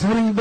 sëriñ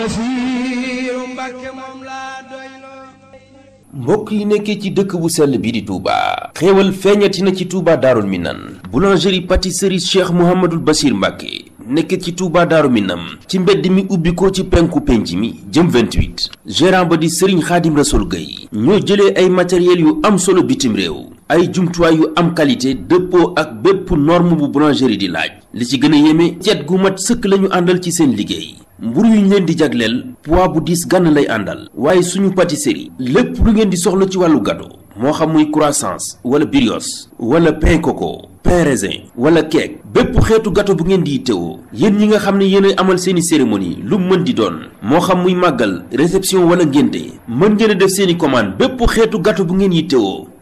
mbokk yi nekkee ci dëkk bu sell bi di Touba. xéewal feeñati na ci Touba Darou Minane. boulangerie pâtisserie Cheikh Mouhamadul Bachir Mbacke nekk ci Touba Darou minam ci mbedd mi ubbi ko ci penku penc mi jëm 28. gérant ba di Serigne Khadim Rassoul Gueye. ñoo jëlee ay matériel yu am solo bitim réew. ay jumtuwaay yu am qualité dëppoo ak bépp norme bu boulangerie di laaj li ci gën a yéeme cet gu mat sëkk lañu àndal ci seen liggéey mbur yu ñu leen di jagleel poids bu diis gànn lay àndal waaye suñu pâtisserie lépp lu ngeen di soxla ci wàllu gato moo xam muy croissants wala brioche wala pain coco pain raisin wala cake bépp xeetu gato bu ngeen di teewoo yéen ñi nga xam ne yéen a amal seeni cérémonie lu mën di doon moo xam muy màggal réception wala ngénte mën ngeen a def seeni commande bépp xeetu gâteau bu ngeen yi teewoo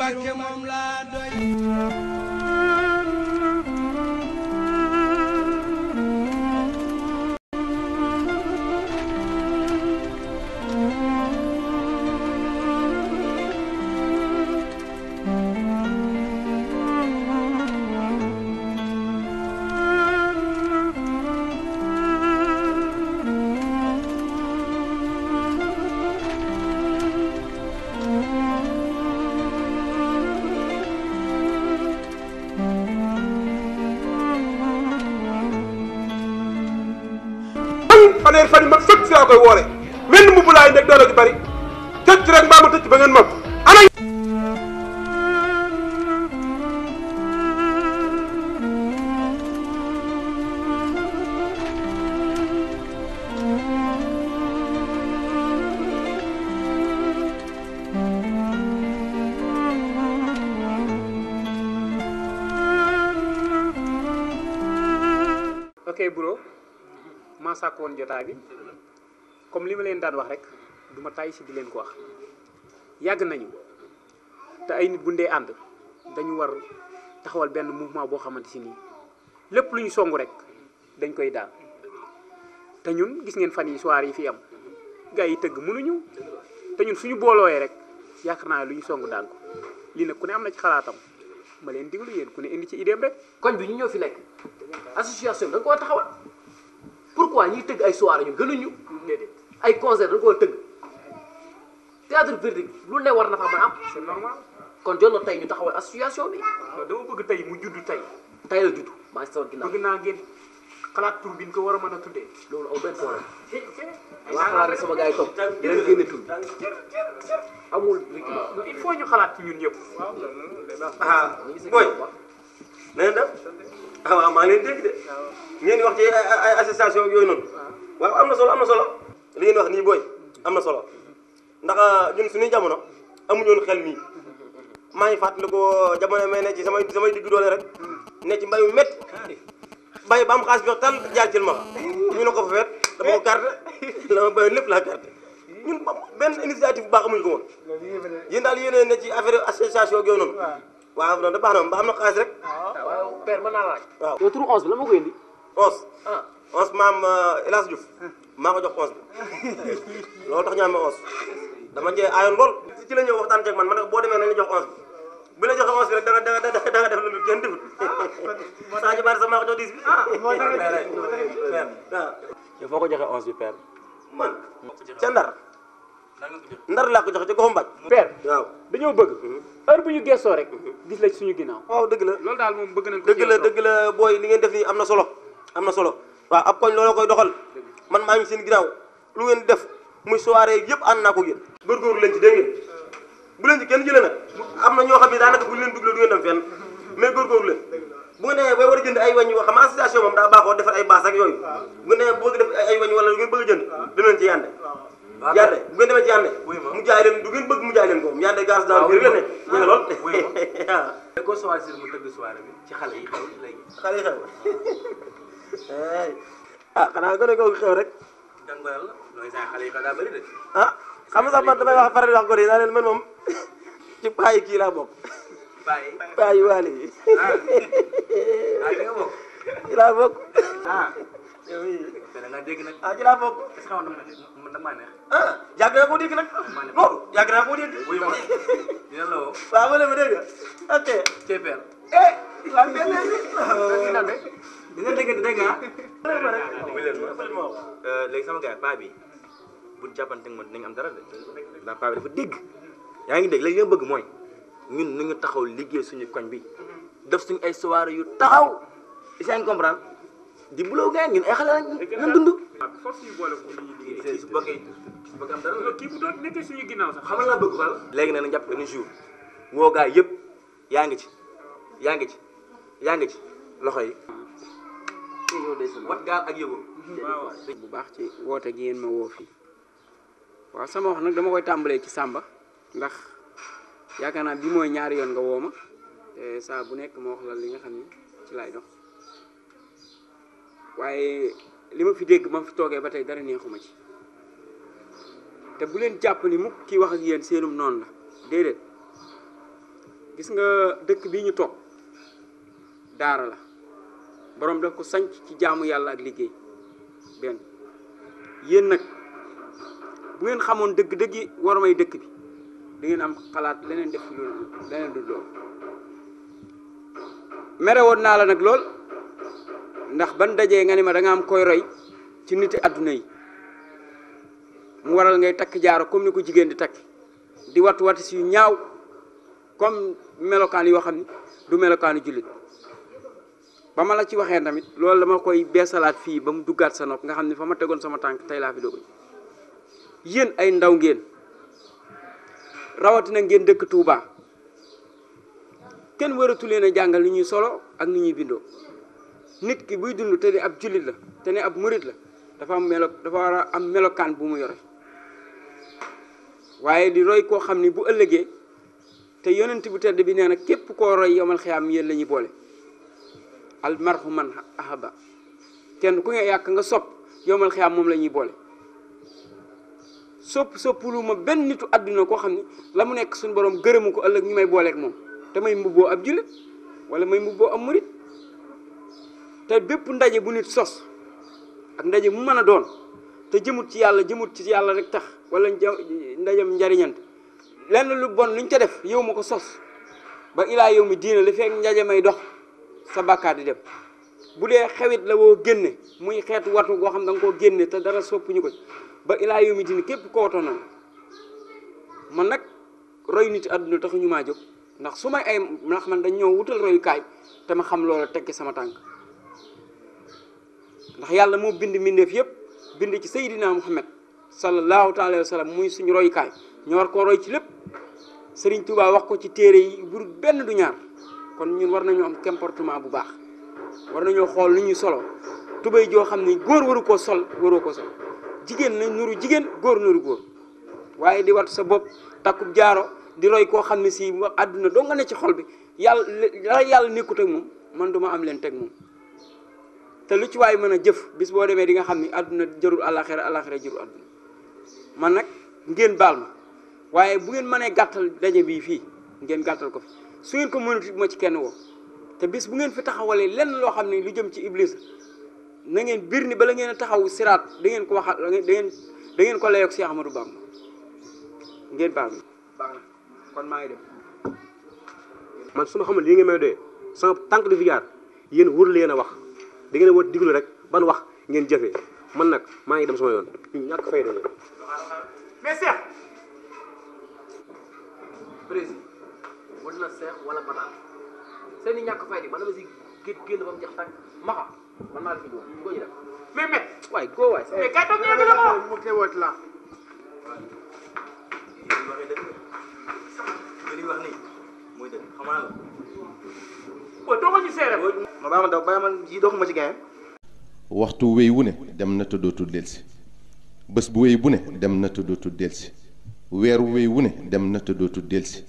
Mbàkke moom fanweer fan yu mag fépp si laa koy woore wenn mu bulaay nekk doole ju bari tëcc rek mbaa ma tëcc ba ngeen moom ana ok bro maa sàkk woon jotaay bi comme li ma leen daan wax rek du ma tàyyi si di leen ko wax yàgg nañu te ay nit bu ndee ànd dañu war taxawal benn mouvement boo xamante si nii lépp lu ñu song rek dañ koy daal te ñun gis ngeen fan yi soir yi fi am gars yi tëgg mënuñu te ñun suñu boolooyee rek yaakaar naa lu ñu songu daan ko lii nag ku ne am na ci xalaatam ma leen diglu yéen ku ne indi ci idéem rek. koñ bi ñu ñëw fi nekk association bi da nga koo taxawal. pourquoi ñuy tëgg ay soirée ñu gënuñu déedéet ay concert dañu ko tëgg théâtre verdict lu ne war na fa mën am. c'est kon jot na tey ñu taxawal association bi. dama bëgg tey mu judd tey. tey la judd maa ngi si sama naa ngeen xalaat tur bi ñu ko war a mën a tuddee. loolu aw benn problème maa xalaat ne ñu xalaat ci ñun ñëpp. ah booy ah waaw maa ngi leen wax ci yooyu noonu waaw am na solo am na solo li ngeen wax nii booy am na solo ndax ah, ñun suñuy jamono amuñu woon xel mii maa ngi fàttaliku jamono may ne ci samay samay doole rek ne ci mbay wu métti bay ba am xaalis bi tan jaay jël ma ñu ne ko fa fet dama ko carte la ma bayoon lépp laa carte ñun benn initiative bu baax amuñu ko woon yéen daal yéen ci affaire association ak yooyu noonu rek père mën naa laaj. waaw yow turu bi la ma ko indi. 11. ah maam euh, El Hadj Diouf maa ko jox 11 bi loolu tax ñu amee 11 dama cee aayoon lool. ci la ñëw waxtaan ceeg man ma ne ko boo demee ne jox 11 bi bu la joxee 11 bi rek da nga da nga da nga def lu kenn defut. Ah, moo tax ñu bari sax maa ko jox 10 bi. ah moo tax ah. ko joxee 11 bi père. man ca ndar laa ko joxe ca goxu mbaj père dañoo bëgg heure bu ñu gestoo rek mhm. gis la ci suñu ginnaaw waaw dëgg la loolu daal moom bëgg nañ dëgg la dëgg la booy li ngeen def nii am na solo am na solo waaw ab koñ looloo koy doxal man maa ngi seen ginnaaw lu ngeen def mu soirée yëpp ànd naa ko yéen góorgóorlu leen ci dégg ngeen bu leen ci kenn jëlee nag am na ñoo xam ne daanaka bu ñu leen dugalee du ngeen dem fenn mais góorgóorlu leen bu nga nee bay war a jënd ay wañ yoo xam association moom daa baaxoo defar ay baas ak yooyu bu nga nee boo def ay wañ wala lu ngeen bëgg a jënd dinañ ci yànde Yande bu ngeen demee ci Yande mu jaay leen du ngeen bëgg mu jaay leen ko Yande gaz daal bi la ne ñu ngi lool waaw ko soirée si mu tëgg soirée bi ci xale yi xew léegi xale yi xew ah xanaa gën a ko xew rek dangoyal looy saa xale yi ko daa bëri de ah xam nga sax man damay wax faral wax ko de naa leen man moom ci bàyyi kii laa bokk bàyyi bàyyi waale yi ah di ah, nga bokk ci laa bokk ah yow yi da nga dégg nag ah ci laa bokk est-ce que xam nga man damaa neex ah yàgg naa koo dégg nag. loolu yàgg naa koo dégg. wuyu ma yàlla woo. waaw ma ne ma dégg nga ok. TPR. eh, eh sama gars paa bi bu ñu jàppante man dinañ am dara de ndax paa bi dafa dégg yaa ngi dégg léegi li nga bëgg mooy nu nañu taxaw liggéey suñu koñ bi def suñu ay soirée yu taxaw yaa ngi comprendre. dimbaloo gars ñun ay xale lañ nan dund. ak force yu boole ko ñu ginnaaw sax xamal laa bëgg fal na nañ jàpp jour woo gars yëpp yaa ngi ci yaa ngi ci yaa ngi ci loxo yi wat gaal ak yëgoo bu baax ci woote gi ngeen ma woo fii waaw sama wax nag dama koy tàmbalee ci sàmba ndax yaakaar naa bi mooy ñaari yoon nga woo te saa bu nekk moo wax la li nga xam ni ci laay dox waaye li ma fi dégg ma fi toogee ba tey dara neexuma ci te bu leen jàpp ni mukk kii wax ak yéen seenum noonu la déedéet gis nga dëkk bii ñu toog daara la boroom daf ko sanc ci jaamu yàlla ak liggéey benn yéen nag bu ngeen xamoon dëgg-dëgg yi war may dëkk bi da ngeen am xalaat leneen def lu leneen du lool mere naa la nag lool ndax ban dajee nga ne ma danga am koy roy ci nit adduna yi mu waral ngay takk jaaro comme ni ko jigéen di takk di wattu wati si yu ñaaw comme melokaan yoo xam ni du melokaanu jullit ba ma la ci waxee tamit loolu dama koy beesalaat fii ba mu duggaat sa nopp nga xam ne fa ma tegoon sama tànk tey laa fi dogoñ yéen ay ndaw ngeen rawatina ngeen dëkk Touba kenn waratu leen a jàngal li ñuy solo ak ni ñuy bindoo nit ki buy dund te di ab jullit la te ne ab murit la dafa am melo dafa war a am melokaan bu mu yore waaye di roy koo xam ni bu ëllëgee te yonent bu tedd bi nee na képp koo roy yomal xiyaam yéen lañuy ñuy boole almarhu man ahaba kenn ku nga yàq nga sopp yomal xiyaam moom la ñuy boole sopp soppulu ma benn nitu àdduna koo xam ni la mu nekk suñu borom gërëmu ko ëllëg ñu may booleeg moom te may mbubboo ab jullit wala may mbubboo ab murit te bépp ndaje bu nit sos ak ndaje mu mën a doon te jëmut ci yàlla jëmut ci yàlla rek tax wala ndajem njariñant lenn lu bon luñ ca def yow ma ko sos ba ilaa yow mi diina li fekk ndaje may dox sa bàkkaar di dem bu dee xewit la woo génne muy xeetu watu goo xam da nga koo génne te dara soppuñu ko ba ilaa yow mi diina képp ko watoo na man nag roy nit àdduna taxuñu maa jóg ndax su may ay ndax man dañ ñëw wutal royukaay te ma xam loola tegge sama tànk ndax yàlla moo bind mbindeef yëpp bind ci Seydina Muhammad sallallahu taala wa sallam muy suñu roykaay ñu war koo roy ci lépp Serigne Touba wax ko ci téere yi bur benn du ñaar kon ñu war nañu am comportement bu baax war nañoo xool lu ñuy solo tubéy joo xam ne góor waru koo sol waroo ko sol jigéen na nuru jigéen góor nuru góor waaye di wat sa bopp takkub jaaro di roy koo xam ne si àdduna doo nga ne ci xol bi yàlla yàlla nekkut ak moom man duma am leen teg te lu ci waay mën a jëf bis boo demee di nga xam ni àdduna jërul àlaxira àlaxira jërul àdduna man nag ngeen baal ma waaye bu ngeen mënee gàttal daje bii fii ngeen gàttal ko fi su ngeen ko mënut ma ci kenn woo te bis bu ngeen fi taxawalee lenn loo xam ne lu jëm ci iblis na ngeen bir ni bala ngeen a taxaw siraat da ngeen ko waxal da ngeen da ngeen ko layoog si Ahmadou Bamba ngeen baal ma kon maa man su ma xamal lii nga may doyee sama tànk du fi jaar yéen leen a wax da ngeen war diglu rek ban wax ngeen jëfee man nag maa ngi dem sama yoon ñu ñàkk fay dañu mais Cheikh président war na ñàkk fay di man dama si génn man maa la fi ñëw ko ñu def mais mais waay go waay mais la mo te wot la li waxtu wéy wu ne dem na tëddootul delsi bés bu wéy bu ne dem na tëddootul delsi weer wéy wu ne dem na tëddootul delsi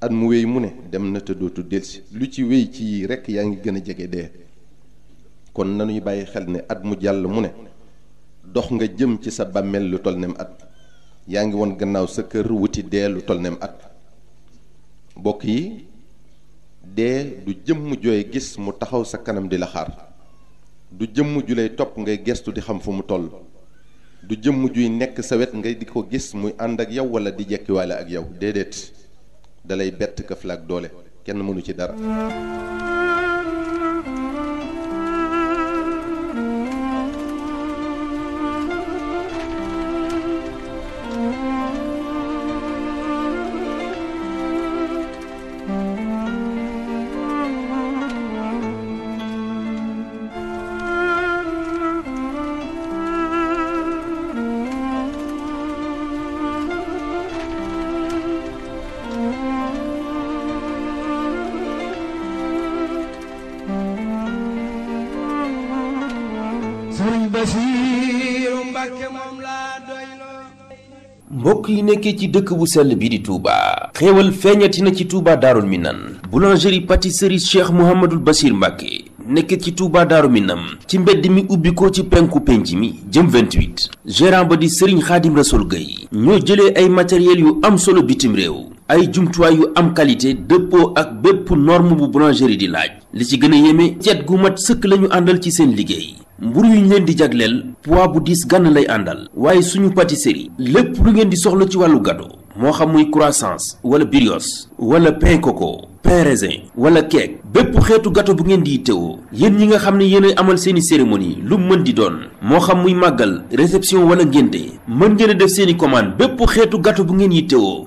at mu wéy mu ne dem na tëddootul delsi lu ci wéy ci yii rekk yaa ngi gën a jege dee kon nanuy bàyyi xel ne at mu jàll mu ne dox nga jëm ci sa bàmmeel lu tol at yaa ngi woon gannaaw sa kër wuti dee lu tol nem at mbokk yi dee du jëmm jooy gis mu taxaw sa kanam di la xaar du jëm ju lay topp ngay gestu di xam fu mu toll du jëmm juy nekk sa wet ngay di ko gis muy ànd ak yow wala di jekkiwaale ak yow déedéet dalay bett ka flag doole kenn mënu ci dara mbokk yi nekkee ci dëkk bu sell bi di Touba xéewal feeñati na ci Touba Darou Minane boulangerie pâtisserie Cheikh Mouhamadul Bachir Mbacke nekk ci Touba Darou Minane ci mbedd mi ubbi ci penku penc mi jëm 28 gérant ba di Serigne Khadim Rassoul Gueye ñoo jëlee ay matériel yu am solo bitim réew ay jumtuwaay yu am qualité dëppoo ak bépp norme bu boulangerie di laaj li ci gën a yéeme cet gu mat sëkk lañu àndal ci seen liggéey mburu yu ñu leen di jagleel poids bu diis gànn lay àndal waaye suñu pâtisserie lépp lu ngeen di soxla ci wàllu gâteau moo xam muy croissants wala brioche wala pain coco pain raisin wala cake bépp xeetu gato bu ngeen di teewoo yen ñi nga xam ne yéen amal seeni cérémonie lu mën di doon moo xam muy màggal réception wala ngénte mën ngeen a def seeni commande bépp xeetu gato bu ngeen yi teewoo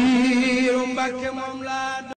Mbàkke moom